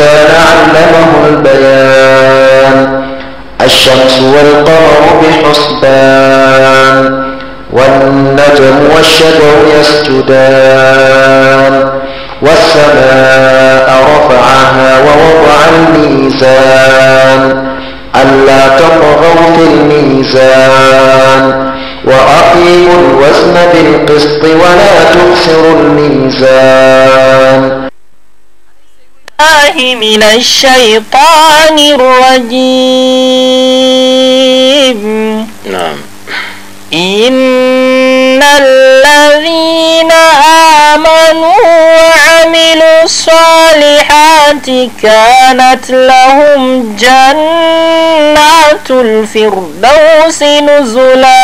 الإنسان البيان الشمس والقمر بحسبان والنجم والشجر يسجدان والسماء رفعها ووضع الميزان ألا تطغوا في الميزان وأقيموا الوزن بالقسط ولا تخسروا الميزان بالله من الشيطان الرجيم نعم إن الذين آمنوا وعملوا الصالحات كانت لهم جنات الفردوس نزلا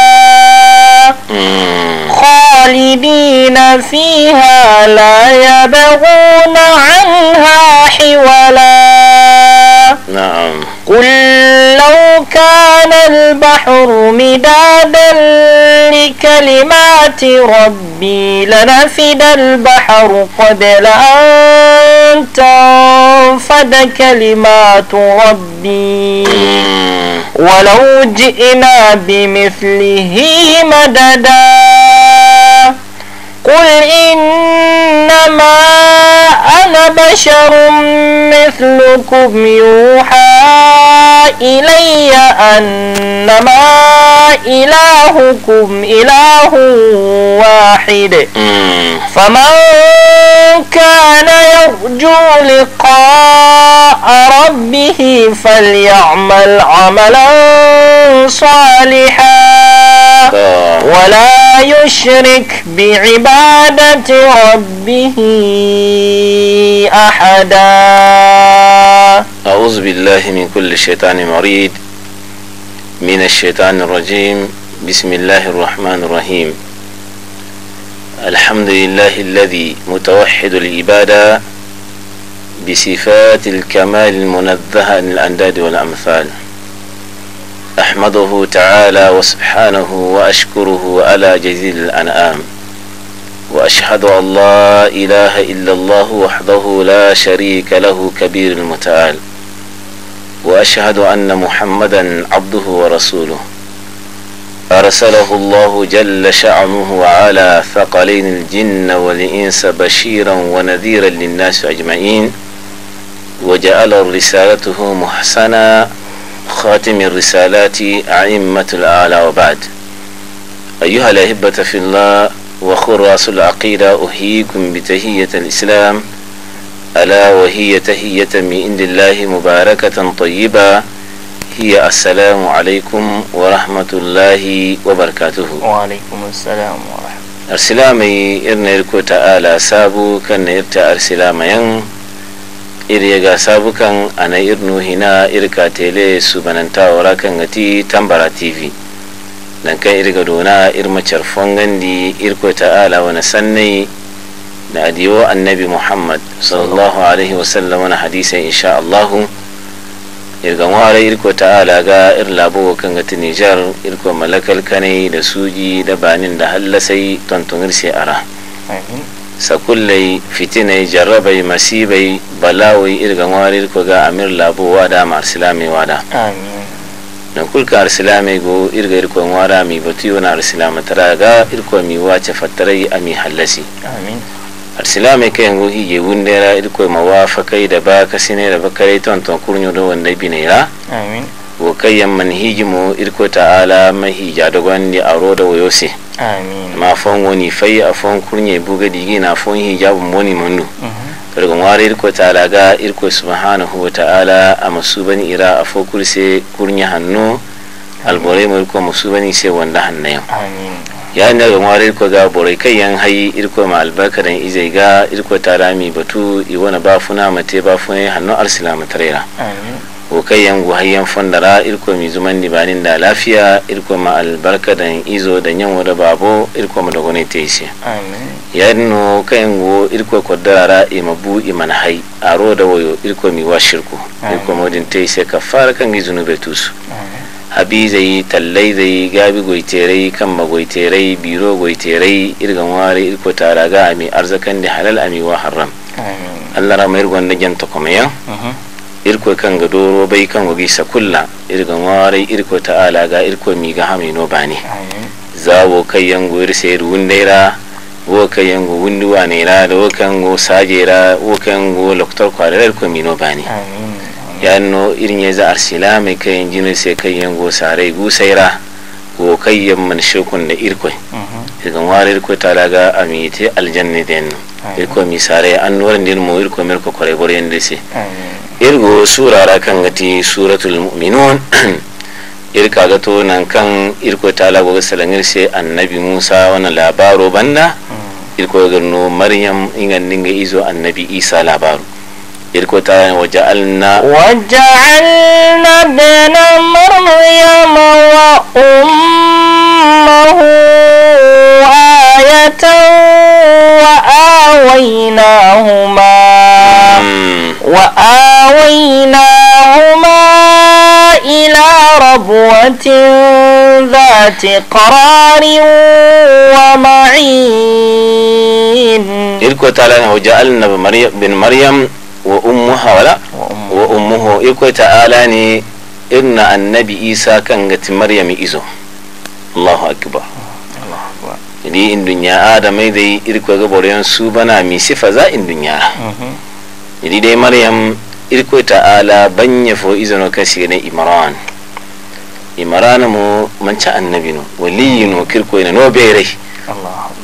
خالدين فيها لا يبغون عنها حولا البحر مدادا لكلمات ربي لنفد البحر قبل أن تنفد كلمات ربي ولو جئنا بمثله مددا قل إنما أنا بشر مثلكم يوحى إلي أنما إلهكم إله واحد فمن كان يرجو لقاء ربه فليعمل عملا صالحا آه. ولا يشرك بعبادة ربه أحدا أعوذ بالله من كل شيطان مريد من الشيطان الرجيم بسم الله الرحمن الرحيم الحمد لله الذي متوحد العبادة بصفات الكمال المنزهة عن الأنداد والأمثال أحمده تعالى وسبحانه وأشكره على جزيل الأنعام وأشهد أن لا إله إلا الله وحده لا شريك له كبير المتعال واشهد ان محمدا عبده ورسوله ارسله الله جل شعنه على ثقلين الجن والانس بشيرا ونذيرا للناس اجمعين وجعل رسالته محسنا خاتم الرسالات ائمه الاعلى وبعد ايها الاهبه في الله وخراس العقيده احييكم بتهيه الاسلام ألا وهي hiyata mi عند mubarakatan مباركة طيبة هي السلام عليكم ورحمة الله وبركاته وعليكم السلام ورحمة arsilamai irin irko ta'ala sabu kan na irta arsilamayan iri ga sabu kan ana irnu hina irka tele su bananta wara kan gati tambara tv nan kan irga dona irma carfon gandi irko ta'ala wani sannai da adiwo annabi muhammad sallallahu alaihi wasallam wani hadisai insha allahu daga wara irko ta'ala ga labo kan ga tunijar irko malakal kane da suji da banin da hallasai tuntunir sai ara sakullai fitinai jarrabai masibai balawai irga wara irko ga amir labo wada ma arsilami wada na kulka arsilami go irga irko wara mi batu yana arsilami tara ga irko mi wace a ami hallasi amin alisilame ke ngu kai da ba ka sine da ba bakare ton ton kurnyo do wanda binera amin wo hi ji mu ma hi ja da ni aro da wayose amin ma fon woni fai a fon kurnye buga digi na fon hijabu moni mandu daga mhm. wari ta ala ga ko subhanahu wa ta'ala a masubani ira a fo kurse kurnya hannu albore mu ilko masubani sai wanda hannayan amin yana ga mawar irko ga borai kai yan hayi irko ma albarkaran izai ga irko tarami batu iwana ba funa mate ba funa hannu arsila matarera ko kai yan guhayyan fondara irko mi zuman dibanin da lafiya irko ma izo da yan wada babo irko ma dogone yan yanno kai yan go irko kodara e mabu e man hayi aro da wayo irko mi washirku irko modin ka kafara kan gizunu betusu habi zai tallai zai gabi goiterai kan magoiterai biro goiterai irgan ware irko ga ami arzakan da halal ami wa haram Allah rama irgon da janta kuma ya mhm. irko kan ga doro bai kan sa kulla. irgan ware irko ala ga irko mi ga hami no bane zawo kai goyir sai ruwun daira wo kai yango wunduwa ne ra da wo kan go sajera wo kan go loktor kware irko mi no bane amin no irin za yeza arsilame kayen jino se kayen go sare gusaira ko kayan man shukun da irkoi mhm. daga wari irkwai ta daga amite da den irko mai sare an nuwar din mu irkwai mer ko kore yadda yende irgo sura kan gati suratul mu'minun irka ga to nan kan irkwai ta daga wasu salangir sai annabi Musa wani labaro banda mm. irkwai ga Maryam ingan dinga izo annabi Isa labaro يلكو وجعلنا وجعلنا ابن مريم وأمه آية وآويناهما وآويناهما إلى ربوة ذات قرار ومعين إلكو تعالى وجعلنا بن مريم wa ummu hawala wa ummuhu ikwai ta'ala ne inna annabi isa kan gati maryam izo allahu akbar ni in dunya adamai dai irko ga boryan su bana mi sifa za in dunya mhm. ni dai maryam irko ta'ala banya fo izano kashi ne imran imran mu manca annabi no waliyi no kirko ina no bere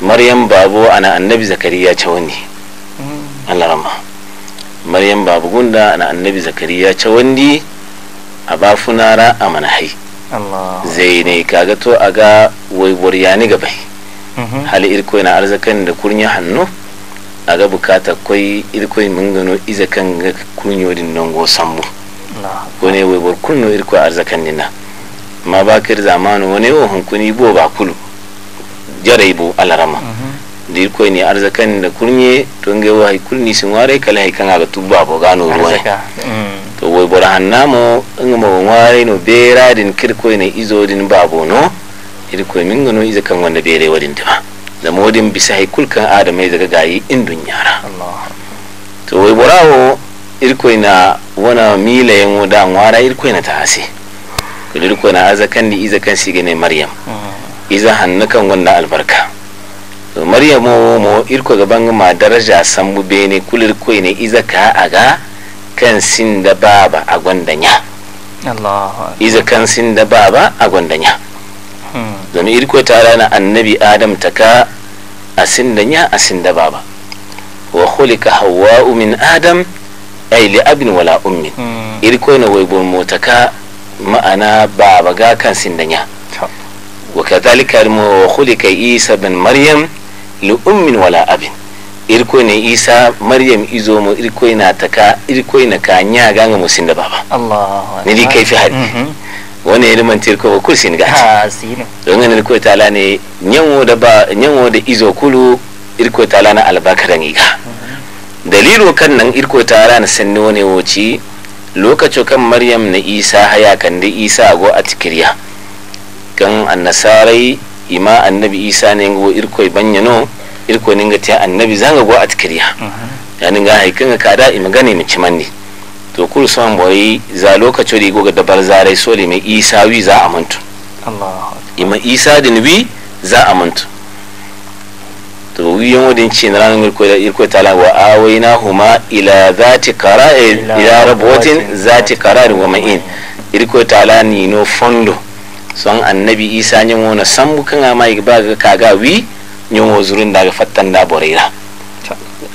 maryam babo ana annabi zakariya ce wani mhm. Allah rahma maryam babugunda na annabi zakariya wandi a funara a manahai zai ne kaga to a ga waibor yani gabai mhm. hali irko na arzakan da kurnya hannu a ga bukata kwai irko mun gano kan ga kunyo din nan go sambu wani waibor kunno irko arzakan nina ma bakir zamanu wani wa hankuni bo ba kulu jarai bo alarama mhm. dir koy ni arzakan da kurnye to nge wa hay kulni sin ware kala hay kan aga tubba bo gano ruwa mm. to wai bora hannamo in mo ware no bera din kir ne izo din babo no ir koy min gano izo kan wanda bere wadin dima da modin bisa hay kul kan adam ay daga gayi in dunyara to wai bora ho ir koy na wana mila yan wada wara ir koy na ta ase kulir koy na arzakan di izo kan ne maryam mm. iza hannukan wanda albarka maryamu mo irko gaban ma daraja sambu bene kulir koi ne iza ka aga kan sin da baba a gwandanya iza kan sin da baba a gwandanya hmm. don irko ta rana annabi adam ta ka a sin da nya a sin da baba wa khuliqa hawwa'u min adam ay li abin wala ummin hmm. irko na wai bon ka ma'ana baba ga kan sin da nya wa kadhalika wa khuliqa isa bin maryam li ummin wala abin irko ne isa maryam izo mo irko ina taka irko ina ka nya ganga musin da baba allah ne di fi hadi mhm. wani ilimin tirko ko sin ga ha sino don ne ko tala ne nyanwo da ba nyanwo da izo kulu irko ta tala na albakaran iga mhm. dalilu kan nan irko ta na sanni wani wuci lokaci kan maryam na isa haya kan da isa go a tikiriya kan annasarai ima annabi isa ne ngo banya banyano irko ne ngati annabi zanga go atkiriya mhm. yani ga haikin ka da ima gane mi cimanni to kuru san boyi za lokaci da goga da barzarai sole mai isa wi za a mantu ima isa din wi za a mantu to wi yan wadin ce na ranar irko da irko tala wa awaina huma ila zati qara'i ila rabwatin zati qara'i wa ma'in irko ta ni no fondo son annabi isa nyongo na sambu kanga mai ba ga kaga wi nyongo zurin ga fattan da a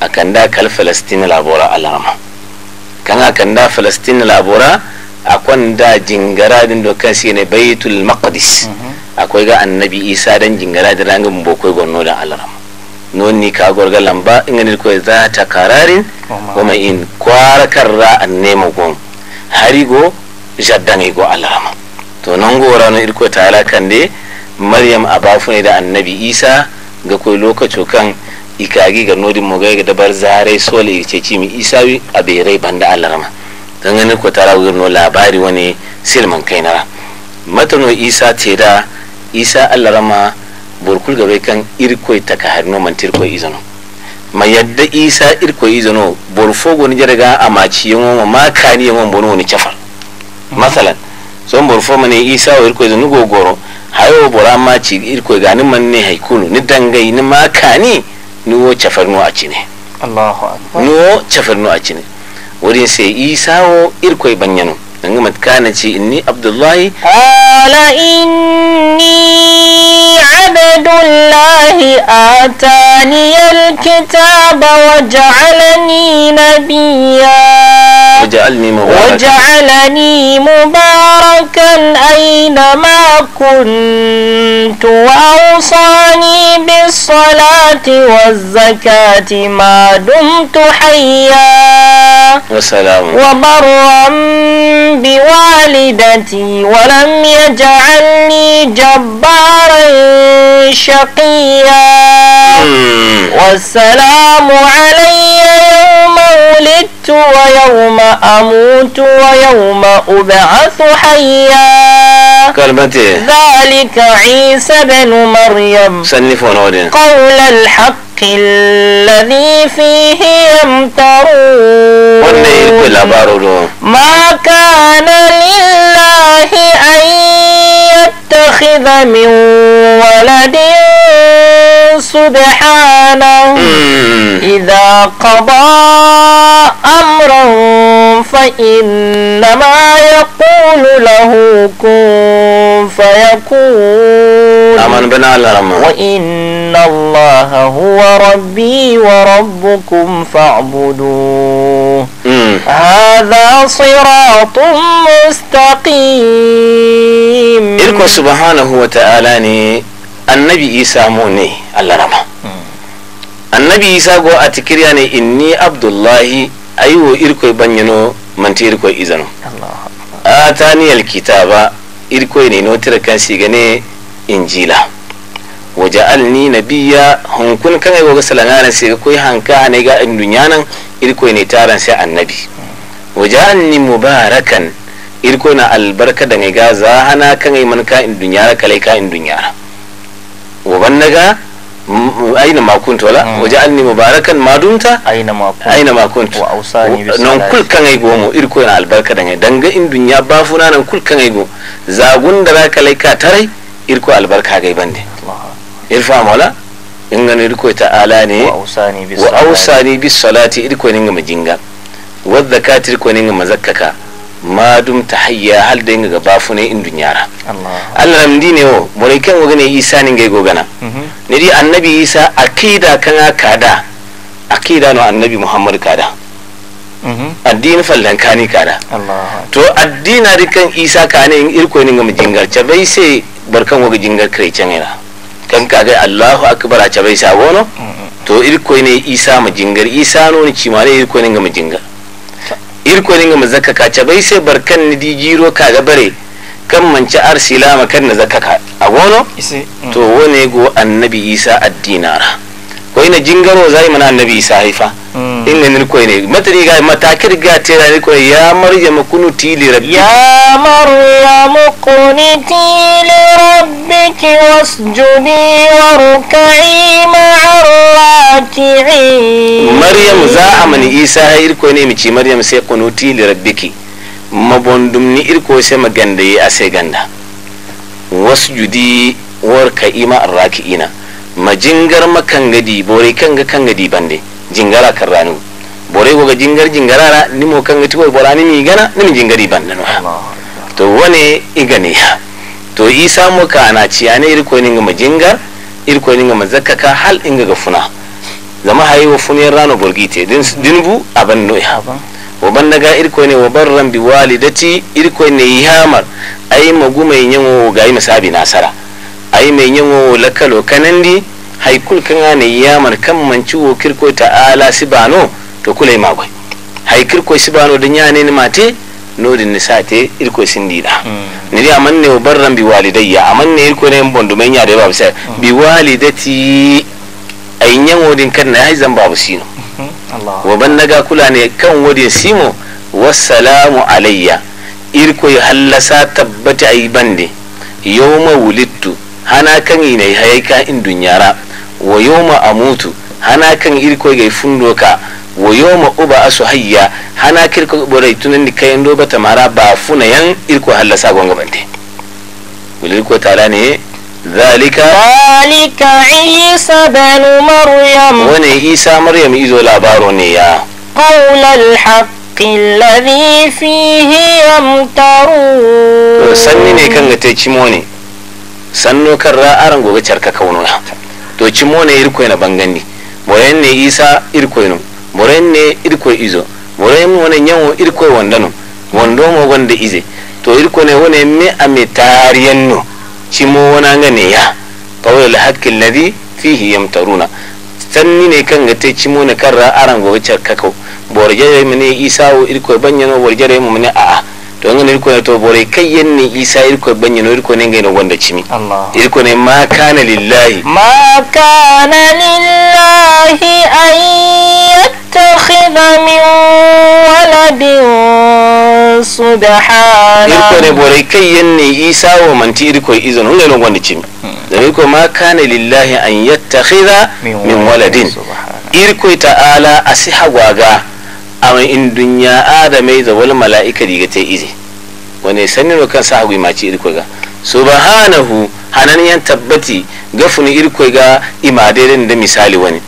akan da kal falastin labora alama kan akan da falastin labora akwan da jingara din do kan sine baitul maqdis mhm. akwai ga annabi isa dan jingara da rangin bokoi gonno da alama non ni ka gorga lamba ingani ko za ta kararin kuma in kwarakar ra an nemo gon harigo jaddane go alama to gora gorano irko alakan kande maryam ne da annabi isa ga kai lokacin kan ikagi ga nodin mogai ga dabar zarai sole ce cimi mi isa wi banda alarma dan ganin ko tara wurin labari wani silman kainara matano isa ce da isa alarma burkul bai kan irkoi taka harno mantirko izano ma yadda isa irko izano borfo goni jarga amaci yamo ma kani yamo bono ni chafar masalan sombor fo mane isa o irkoy zanu gogoro hayo bora ma ci irko ga ni ne haikunu ni dangai ni makani ni wo chafarno a cine Allahu akbar ni wo chafarno a cine wurin sai isa o irko banyano dan ga matkana ci inni abdullahi qala in إني عبد الله آتاني الكتاب وجعلني نبيا وجعلني مباركا, وجعلني مباركا أينما كنت وأوصاني بالصلاة والزكاة ما دمت حيا وسلام وبرا بوالدتي ولم يجعلني جعلا جبارا شقيا والسلام علي يوم ولدت ويوم أموت ويوم أبعث حيا كلمتي ذلك عيسى بن مريم سنفون قول الحق الذي فيه يمترون ما كان لله أن يتخذ من ولد سبحانه إذا قضى أمرا فإنما يقول له كن فيكون أمن بنا وإن الله هو ربي وربكم فاعبدوه هذا صراط مستقيم subhanahu wa ta'ala ne annabi isa mu ne allah rama annabi isa go a tikirya ne inni abdullahi ayiwo irkoy banyano manti ta ni alkita ba irkoy ne notira kan sigane injila waje alni na biya hunkun kan ayiwo ga sai ga koy hanka ne ga induñanan irkoy ne taran sai annabi hmm. waje alni mubarakan irko na albarka da ga za hana kan yi man ka in dunyara kalai ka in dunyara na ga aina ma wala mm. waje an mubarakan barakan madunta aina ma nan aina ma kunt wa na kul kan ai irko na albarka da danga in dunya ba funa nan kul kan ai go zagun da ra kalai ka tarai irko albarka gai bande irfa mola in gani irko ta ala ne wa ausani bis salati irko ninga majinga wadda ka tirko ga mazakkaka madum ta hayya hal da inga gaba fune in dunyara Allah ram dine wo morai kan wogane isa ne ngai gogana mhm. ne di annabi isa akida kan kada akida no annabi muhammad kada mhm. addini fallan kani kada to addina di kan isa kane in irko ne ngam jingar cha bai sai barkan woga jingar kare can ina kan kaga allahu akbar a ce bai sa wono mhm. to irko ne isa ma isa no ni cimare irko ne ngam jingar irko ni ga mazaka ka bai sai barkan ni di jiro ka ga bare kan manci arsila makan na zakaka a gono mm. to wone go annabi isa addinara na jingaro zai mana annabi isa haifa mm. In ne nil ne matari ga matakir ga tera ni koy ya marya makunu li rabbi ya maryam kunuti ka yi wasjudi warka'i ma'ar raki'in maryam za a mani isa ya koyne mi ci maryam sai kunu li rabbiki mabondum ni irko sai maganda yi a sai ganda wasjudi warka'i ma'ar raki'ina ma jingar ma kangadi bore kanga kangadi bande jingara karranu bore goga jingar ni nimo kanga tuwa ni mi gana nimi jingari bande no to wane igane ya to isa mo ka ana ci ane irko ni ma jingar irko ni ma zakaka hal inga ga funa zama hayi wa funiyar rano bolgite din dinbu aban no ya wa ban daga irko ne wa barran bi walidati irko ne yi hamar ai magumai wo ga yi misabi nasara ay me ñeŋowo lakkalo kanandi hay kul kaŋa ne yamar kan manci wo ta ala sibano to kulay magoy hay kirkoy sibano da ni mate no nodin ni sate dida mm. ni nidi amanne o barran bi walidayya ne irko ne bondu me da babu sai mm. bi walidati wo din kan na yi zan babu sino mm-hmm. wa kula ne kan wode simo wassalamu alayya irko ya hallasa tabbata ai bande yau wuli hana kan nai yi hayaka in dunyara wa ma a mutu hana kan irko ga fundo ka wa ma uba su hayya hana kirko borai tunan da kayan doba mara ba funa yan irko hallasa gwangwabante ko tara ne zalika zalika isa banu maryam wani isa maryam izo labaro ne ya qaulal haqqi alladhi fihi yamtaru sanni ne kan ga cimo ne. sannu kan ra'aran gobe carka kauno ya to cimmone bangani moren ne isa moren ne irko izo moren irko wanda no wando mo wanda ize to ne wone me ame tariyanno cimo wonanga neya qawlal haqqi alladi fihi yamtaruna sanni ne kan ga te cimo ne kan ra'aran gobe goga carka kaw borjare ne isa wo irko banyano borjare mu ne a'a to ngana irko ne to bore kai yanni isa irko banye no irko ne ga no wanda cimi irko ne ma kana lillahi ma kana lillahi an yattakhidha min waladin subhana irko ne bore kai yanni isa wa manti irko izon ngai no wanda cimi da hmm. irko ma kana lillahi an yattakhidha min waladin irko ala asiha gwaga amma in dunya adamai za wal mala'ika diga ta ize wani sanin kan sa gwi maci irko ga subhanahu hanan yan tabbati gafuni irko ga imaderen da misali wani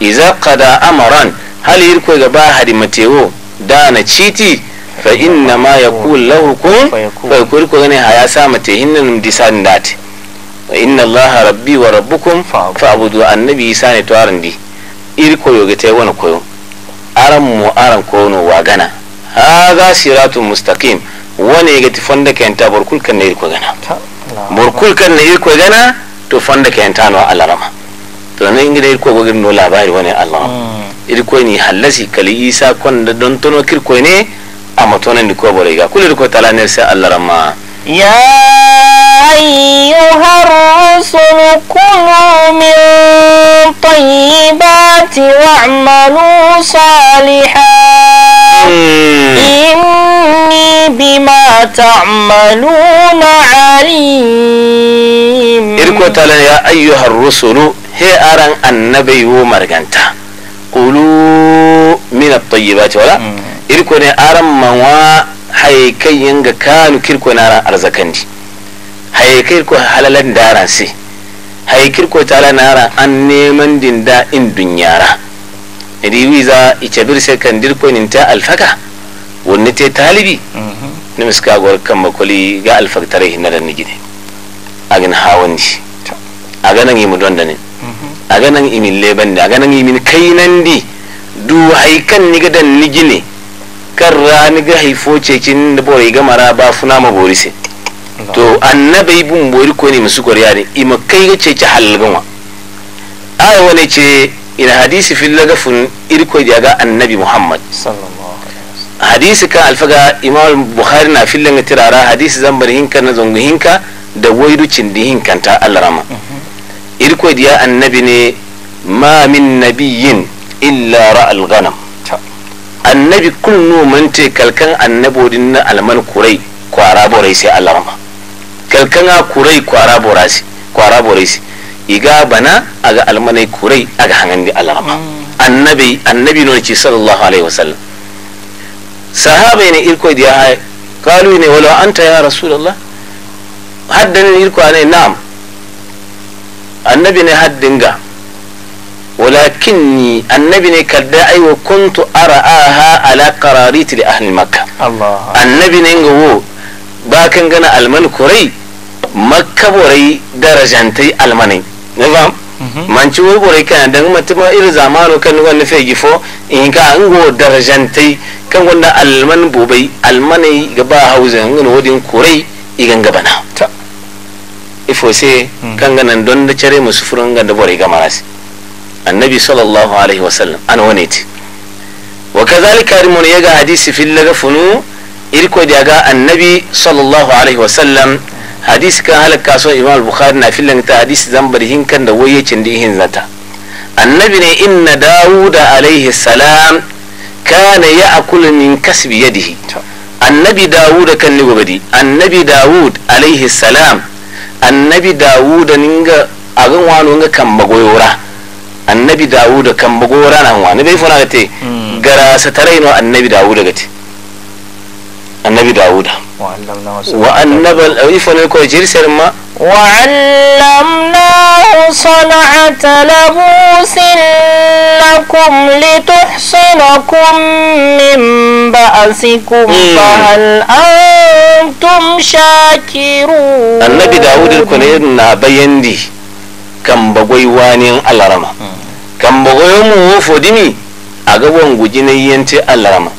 iza qada amaran hal irko ga ba hadi matewo da na citi fa inna ma yaqul lahu kun fa yakul ko ne haya sa mate hinnan disan date wa inna allaha rabbi wa rabbukum fa abudu annabi isa ne to arandi irko yoga ta wani koyo aran mo aran kono wagana za siratu mustaqim wani ga ti fonda kenta burkul kan ne ko gana burkul kan ne ko gana to fonda kenta no alarama to ne ingi da ko gogin no labari wani allah hmm. ko ni halasi kali isa kon da don tono kirko ne amma to ne ko bore ga kulirko tala ne sai alarama يا أيها الرسل كلوا من طيبات واعملوا صالحا إني بما تعملون عليم إركو يا أيها الرسل هي أران النبي ومرغنتا قولوا من الطيبات ولا إركو أران موا haikai kai yanga kanu kirko nara arzakandi hay kai ko halalan daran si hay kirko tala nara an neman dinda in dunyara za wiza icabir se kan dirko ninta alfaka wani te talibi mhm. ni miska gwar kan makoli ga tare hinna da mhm. nigine hawan di a ganin yi mudon da ne ganin yi imin leban ne a nan imin kai nan di du haikan ni gadan nigine kan ni ga haifo cekin da bori ga mara ba funa ma bori se to annabai bun bori ko ne musu kwariya ne ima kai ga cece halgama aya wani ce ina hadisi fil lagafun irko da ga annabi muhammad hadisi kan alfaga imam bukhari na fillan tirara hadisi zambar hinka na zungu hinka da waidu cindi hinkanta alrama mhm. irko da annabi ne ma min nabiyyin illa ra'al ghanam annabi kunno mante kalkan annabodin na alman kurai kwara borai sai alarma kalkan a kurai kwara borasi kwara sai iga bana aga almanai kurai aga hangandi alarma mm. annabi annabi no ci sallallahu alaihi wasallam sahaba ne irko diya hay kalu ne wala anta ya rasulullah haddan irko ne na'am annabi ne haddinga ولكني النبي ne kadda وكنت wa kuntu قراريت ala qarariti الله النبي makka annabi ne nga wo ba kan gana alman kurai makka borai darajantai almanai ne ba manci wai borai kana dan mutum irin zamanu kan wani fe gifo in ga an go darajantai kan wanda alman bobai almanai gaba hausa ngana wodin kurai igan gabana ifo se kan ganan don da cire gamarasi annabi sallallahu alaihi wasallam an wane ti wa kazalika ya yaga hadisi fil laga funu irko da ga annabi sallallahu alaihi wasallam hadisi kan halaka so imam bukhari na fil ta hadisi bar hinkan da cin da hin zata annabi ne inna dauda alaihi salam kana ya'kulu min kasbi yadihi annabi dawud kan ni gobadi annabi dawud alaihi salam annabi dawud ninga agan wano ninga kan magoyora annabi dawuda kan bagora na hanwa nabi fona gate hmm. gara satarai no annabi dawuda gate annabi dawuda wa annabal ne ko jirsar ma wa allamnahu sana'ata labusin lakum lituhsinakum min ba'sikum hmm. fa hal antum shakirun annabi dawuda ko ne na bayandi kan bagwai wani alarama kan yi mu wofo dimi ga wangu jina yente alarama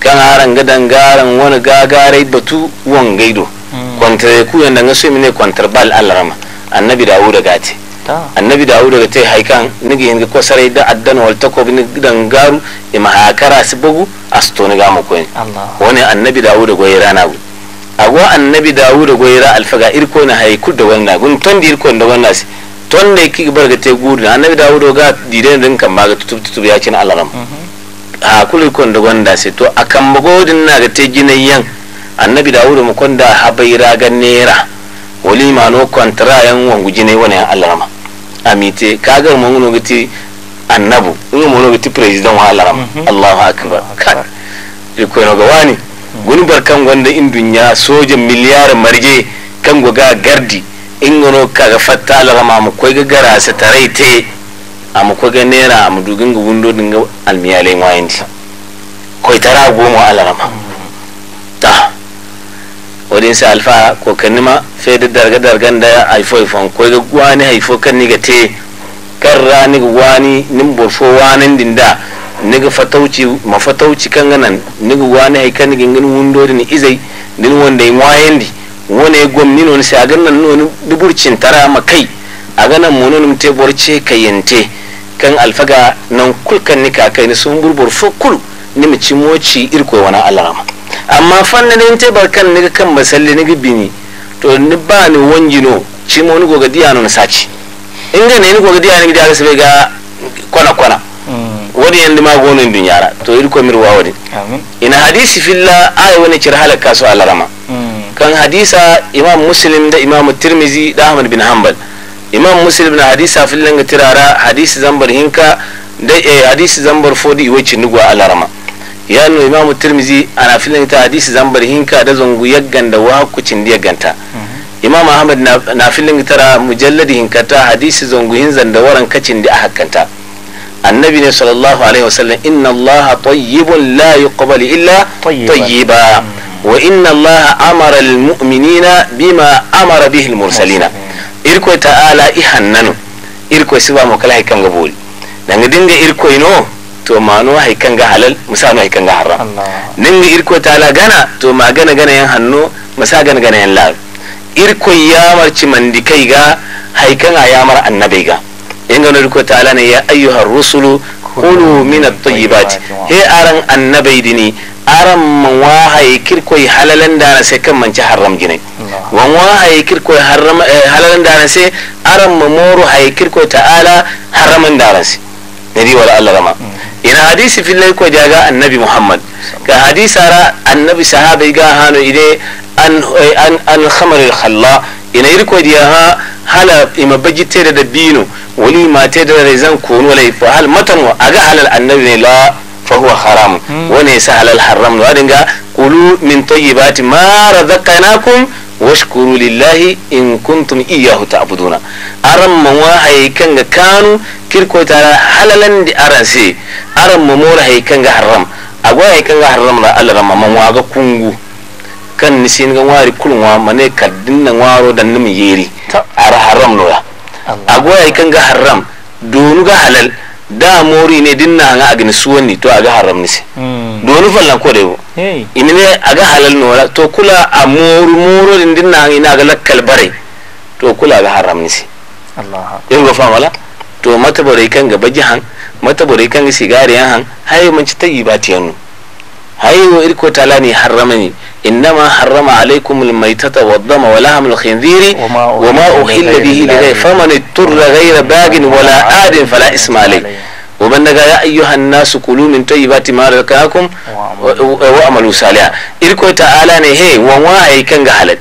kan haran gadan garan wani gagarai batu wangaido hmm. kwantar ku yanda nga sai mine kwantar bal alarama annabi dawud ga te annabi dawud ga te haikan nigi yin ko sarai da addan wal takob ni dan garu e mahakara su bugu astoni ga gama koyin wani annabi dawud go yira na agwa annabi wuda gwayi ra alfaga irko na haiku da wannan gun ton da irko da wannan tonne ki bar ga te guri annabi dawudo ga diden din kan ba ga tutub tutub ya cin alaram a kuli kon da gonda sai to akan magodin na ga te ginayyan annabi dawudo mu kon da habaira ga nera wali ma no kontra yan wangu ginai wani yan alarama amite kaga no ga te annabu mu ga te president wa alaram mhm. allahu akbar kan e ko no ga wani mhm. gunbar kan gonda in dunya sojan miliyar marje kan goga gardi in ingono kaga fatta alaga ma mu koy gara sa tarai te mu ko ga nera mu dugin ga wundo dinga almiyale ngwayindi koy tara goma mu alaga ma ta wadin sa alfa ko kanima fe da darga dargan da haifo ifon koy ga gwani haifo kan ni ga te karra ni ga gwani nim borfo wanin dinda ni ga fatauci mafatauci kan ganan ni ga gwani hay kan ni ga wundo ni izai din wanda ngwayindi wone gom ni a sa ganan non duburcin tara ma kai a ganin mu non te borce kayente kan alfaga nan kulkan ni kai ni sun burbur fo kul ni mu ci moci irko wani alama amma fanna ne te barkan ni kan masalli ni bini to ni ba ni wanjino ci mo ni goga diya non saci inga ne ni goga diya ni da sai ga kwana kwana mm. wani yan ma gonin dunyara to irko mirwa wani ina hadisi filla ayi wani cir halaka su alarama an hadisa imam muslim da imam tirmizi da ahmad bin hanbal imam muslim na hadisa fillan ga tirara hadisi zambar hinka da eh, hadisi zambar fodi iwaci nugwa alarama ya nuna imam tirmizi ana fillan ta hadisi zambar hinka da zungu yaggan da wakucin da yagganta mhm. imam ahmad na fillan tara mujalladi ta hadisi zungu hinzan da waran kacin da ahakanta annabi ne sallallahu alaihi wasallam inna allaha tayyibun la yuqbalu illa tayyiba mhm. wa inna allaha amara almu'minina bima amara bihi almursalina irko ta'ala ihannanu hannanu irko siba mu kala haykanga booli nanga dinga irko ino to mano haykanga halal musa musano haykanga haram dinga irko ta'ala gana to ma gana gana yan hanno masa gana gana yan laal irko yamar ci mandikai ga haykanga yamar annabai ga ingano irko ta'ala ne ya ayyuhar rusulu kulu min at-tayyibati he aran annabai dini aran man wahaye kirkoi halalan dana sai kan manci haram gine wan wahaye kirkoi haram eh, halalan dana sai aran man moro haye kirkoi ta'ala haraman dana se nabi wala allah rama hmm. in hadisi fillai ko jaga annabi muhammad ka ra annabi sahabai ga hano ide an eh, an an khamar al khalla ina irko diya ha hala ima bajitte da bino wali ma mate da rezan kono lai fa hal matan wa aga halal annabi la fahuwa haram wani yasa halal haram za dinga kulu min tayyibati ma razaqnakum washkuru lillahi in kuntum iyyahu ta'buduna aran man wa haykan ga kanu kirko tara halalan di arase aran man mora haykan ga haram agwa haykan ga haram na Allah ramma man kungu kan ni sin ga wari kulun wa mane kaddin waro dan nimi yeri ar haram no ya agwa haykan ga ga halal da mori ne din na nga suwan ni to ga haram nisi hmm. doni fallan ko da hey. ina ne a ga halal no wala to kula a mori moro din dinna na ina ga lakkal bare to kula ga haram nisi Allah yau ga fam wala to mata bare kan ga bajihan mata bare kan ga sigari yan han hayi manci tayi ba yanu. hayo irko tala ne harrama ne innama harrama alaikum almaitata waddama wa lahamul khinziri wa ma uhilla bihi li ghayri faman turra ghayra bagin wala adin fala isma alai wa man daga ya ayyuhan nasu kulu min tayyibati ma wa amalu salihan irko ta'ala ne he wa wa ay kan ga halal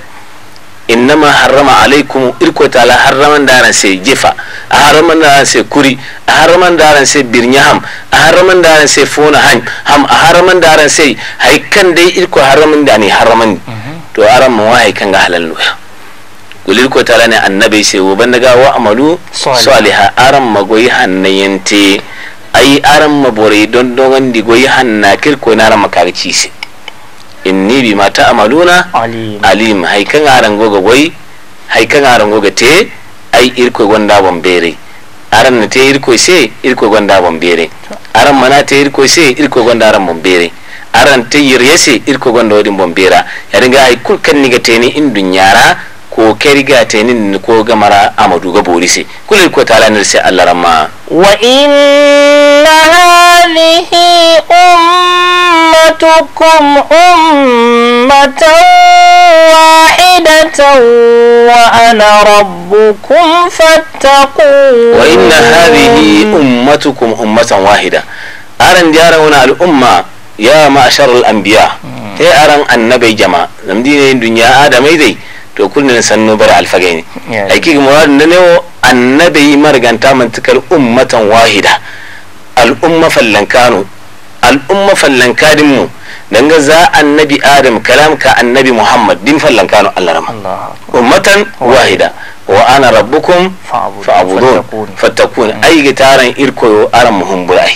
innama harrama alaikum irko tala harraman daran sai jefa a harraman daran sai kuri a harraman daran sai birnya ham a harraman daran sai fona hany ham a harraman daran sai haikan dai irko harraman da ne harraman mhm. to aran ma wai kan ga halal loya gulir ko tala ne annabi sai wo banda ga wa amalu salihah aran magoyi hannayente ai aran mabore don dogon digoyi hanna kirko na ran makarici sai inni bi ma ta'maluna alim haikan kan aran goga goy haikan kan aran goga te ai irko gonda bon bere aran na te irko se irko gonda bon bere aran mana te irko se irko gonda aran bon bere aran te yiryese irko gonda wodin bon bera yaringa ay kul kan niga teni indun yara ko keriga ni ko gamara amadu ga borise kul irko talanir se Allah ramma وإن هذه أمتكم أمة واحدة وأنا ربكم فاتقون وإن هذه أمتكم أمة واحدة أرن ديارون الأمة يا معشر الأنبياء إيه أرن النبي جماعة نمدين الدنيا آدم إذي to na sanno bar alfagaini aiki ga muradu ne wo annabi marganta mantikal ummatan wahida al umma al'umma al umma fallankadin mu danga za annabi adam kalam ka annabi muhammad din fallankanu Allah rama ummatan wahida wa ana rabbukum fa'budun fattakun ai ga taran irkoyo aran muhumbur ai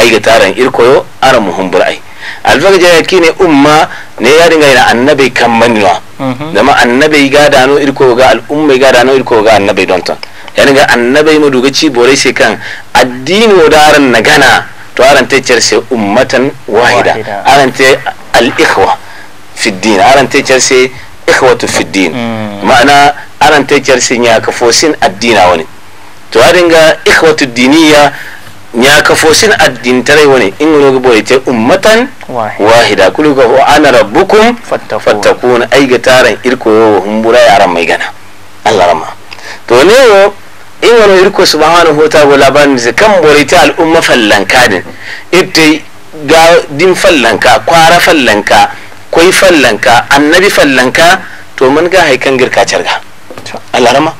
ai ga taran irkoyo aran muhumbur ai alfaga ya kine umma ne ya dinga ina annabi kan manwa mhm. zama annabi ga dano irko ga al'umma ga dano irko ga annabi don ton ya dinga annabi mu duga ci borai sai kan addini wadaran na gana to arante sai ummatan wahida arante al-ikhwa fi din arante sai ikhwatu fi din mm. ma'ana arante cerse nya ka fosin addina wani to ya dinga ikhwatu diniya ya kafo sin wani gubo ya ce ummatan wahida ga ho ana rabbukum fattakuna ayga taran bura yaran mai gana allah rama to in wani irko subhanahu wa taala labarnise kam ɓoyte al umma fallankadin ittey ga din fallanka kwara fallanka koi fallanka annabi fallanka to mun ga haikan girka carga allah rama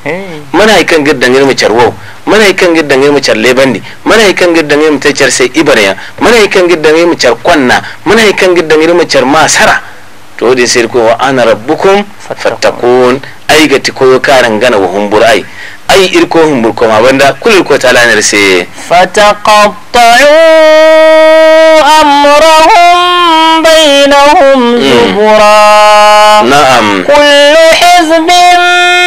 man haykan gir dangirma carwo mana ikan gid dangai mu char lebandi mana ikan gid dangai mu char sai ibariya mana ikan gid dangai mu char kwanna mana ikan gid dangai mu char masara to din sai ko ana rabbukum fattakun ai ga tikoyo karan gana wa humbur ai ai irko humbur ko ma banda kulil ko ta lanar sai fataqattu amrahum bainahum mm. zubura na'am kullu hizbin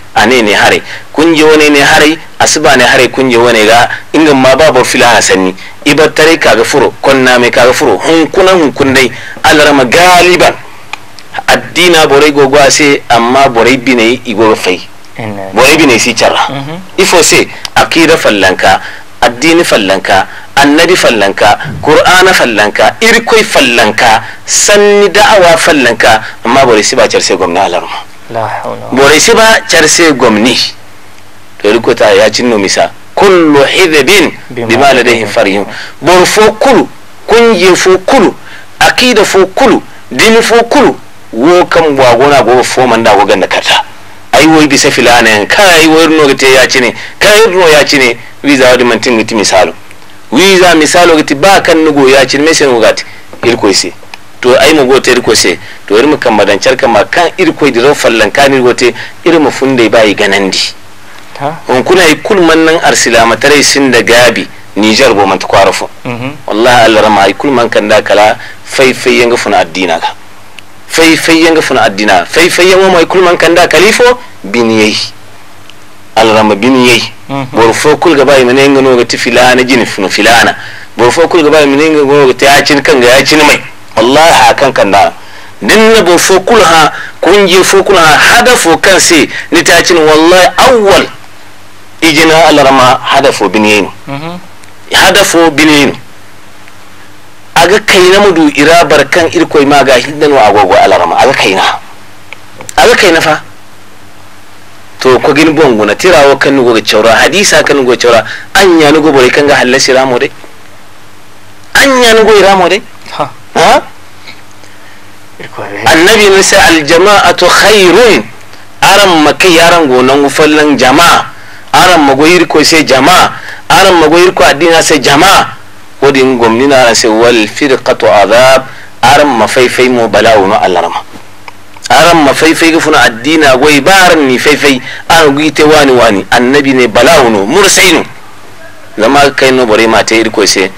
ane ne hare je wani ne hare asiba ne hare je wani ga ingin ma ba bar fila hasanni ka kaga furo konna me kaga furo hunkuna hunkun dai alarama galiban addina borai gogo ase amma borai bine igoro fai borai bine si charra mhm. ifo se akida fallanka addini fallanka annabi fallanka qur'ana fallanka irkoi fallanka sanni da'awa fallanka amma borai si ba charse gwamna alarma bore ba charse gomni to riko ta ya cinno misa kullu hidbin bima ladayhim farihim bor fo kulu kunje fo kulu akida fo kulu din fo kulu wo kam wa gona go fo manda go ganda kata ai wai bisa filana kai wai no te ya cine kai no ya cine wiza wadi mantin giti misalo wiza misalo giti ba kan nugo ya cine mesen gati ilko isi to ai mu gote riko se to irmo kan madancar kan ma kan irko diro fallan kan irko te irmo funde bai ganandi on kuna yi kul man nan arsilama tare sin da gabi nijar bo man ta kwara fu mhm. wallahi allah rama yi kul man kan da kala fai fai yanga funa addina ka fai fai yanga funa addina fai fai yanga mai kul man kan da kalifo biniyai allah rama biniyai mhm. bor fo kul gaba yi mane yanga no ga filana jini funa filana bor fo kul gaba yi mane yanga go ga ta yacin kan ga yacin mai wallahi kan kan na dinna bo fo kulha kunji fo kulha hada fo kan se ni ta cin wallahi awwal ijina alarma hada fo binin mhm. hada fo biniyin aga kaina mudu ira barkan irkoi ma ga hiddan wa agogo alarma aga kaina aga kaina fa to ko gin bongo na tirawo kan nugo ga chaura hadisa kan nugo chaura anya nugo bore kan ga halasi ramo dai anya nugo iramo dai ha annabi musa aljama'atu khairun aran makai yaran gonan ufallan jama'a aran magoyir ko sai jama'a aran magoyir ko addina sai jama'a wadin gwamnina na sai wal firqatu azab aran mafaifai mu bala'u no alarma aran mafaifai gufuna addina wai baran ni faifai an gite wani wani annabi ne bala'u no mursainu zama kai no bare mata irko sai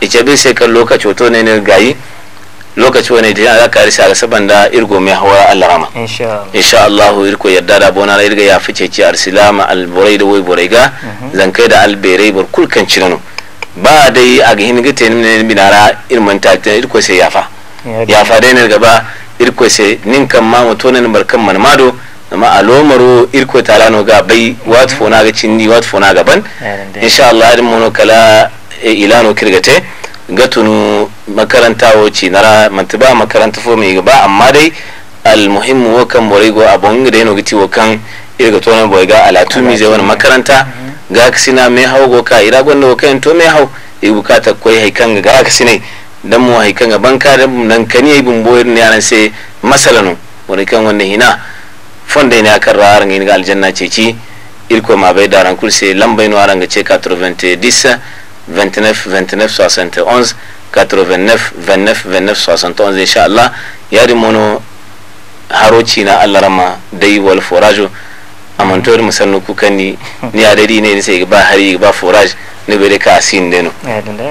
ice bi sai kan lokaci to ne ne gayi lokaci wani da za ka risa saban da irgo mai hawa alrama insha Allah irko yadda da bona na irga ya fice ci arsilama alborai da wai borai ga mhm. zankai da alberai bar kulkan cirano ba dai a ga hinga te ne binara irman ta irko sai yafa yafa dai ne gaba irko sai nin kan ma mutonan barkan manmado amma a lomaro irko ta lano ga bai wat mhm. fona ga cinni wat fona gaban insha Allah kala eh, ilano kirgate gatunu makaranta na nara ba makaranta fo mi ba amma dai almuhimmu wakan kan bori go abon ga deno giti wo kan irga tona boy ga alatu mi zai wani makaranta mm-hmm. ga kisina me hawo go ka ira gonda wo kan to me hawo i bukata kwai haikan ga ga kisine dan mu haikan ga banka da nan kani yi bun boyir ne aran sai masalanu wani kan wannan hina fonda ne akan rar ngin ga aljanna ce ci irko ma bai daran kursi lambai nuwa ranga ce ce disa 29 29 71 89 29 29 71 insha Allah yarin mono haroci na Allah rama dai wal forajo amanto da musannu kukan ni ni a dadi ne sai ba hari ba forage ne bai ka asin deno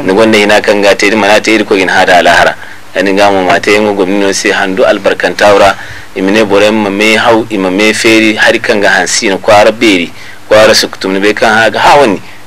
ni gonda ina kan ga te mana te ko in hada alahara ani ga mu mate yango gomnino sai handu albarkantawra imine bore ma me hau imame feri har kan ga hansi na kwara beri kwara suktum ne bai kan ha ga hawani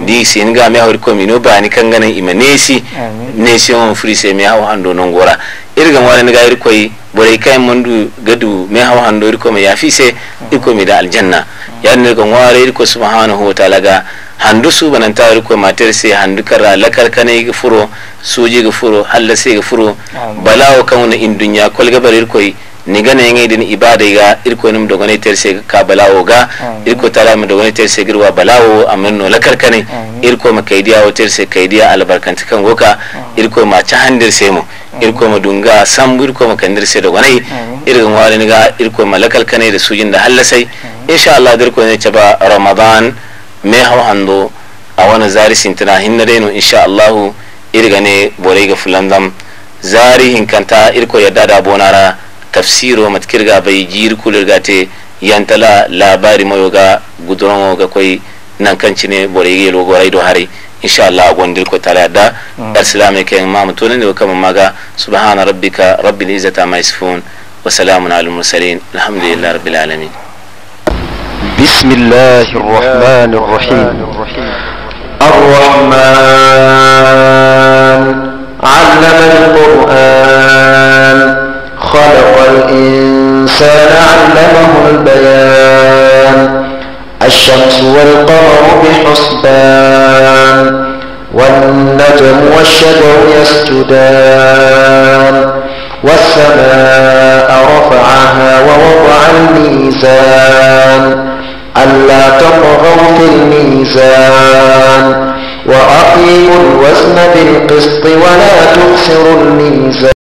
di sin ga mi hawri komino bani kangana imanesi nesi nesi on frise mi haw hando non gora irga wala ni ga ir koy bore kai mondu gadu mi haw hando ir ko ya yafi se ir mi da aljanna yanne ga wala ir ko subhanahu wa ta'ala ga handu su banan ta ir ko mater se handu kara lakar kane ga furo suji ga furo halla se ga furo balawo kauna in dunya kol ga bare ni gana yanga din ibada ga irko nim dogone terse ka balawo ga irko tala mi dogone terse girwa balawo amin no lakar karkane irko ma kaidiya o terse kaidiya albarkanti kan goka irko ma ta handir se mu irko ma dunga sam irko ma kandir se dogone irko ma wani ga irko ma lakal karkane da sujin da hallasai insha Allah dirko ne ta ba ramadan me haw hando a wani zari sintina hinna deno insha Allah irga ne borai ga fulandam zari hinkanta irko yadda da bonara tafsiro matkirga bai jir te yantala labari ga ga nan guduromoga ne bore borege yelo goray do hari insha allah gon dir ko tala mm. da dar silame ke mama tonen ne kama maga subhana rabbika rabbil izzati ma yasifun wa salamun alal mursalin alhamdulillahi rabbil alamin بسم الله الرحمن الرحيم الرحمن علم القرآن خلق الإنسان علمه البيان الشمس والقمر بحسبان والنجم والشجر يسجدان والسماء رفعها ووضع الميزان ألا تطغوا في الميزان وأقيموا الوزن بالقسط ولا تخسروا الميزان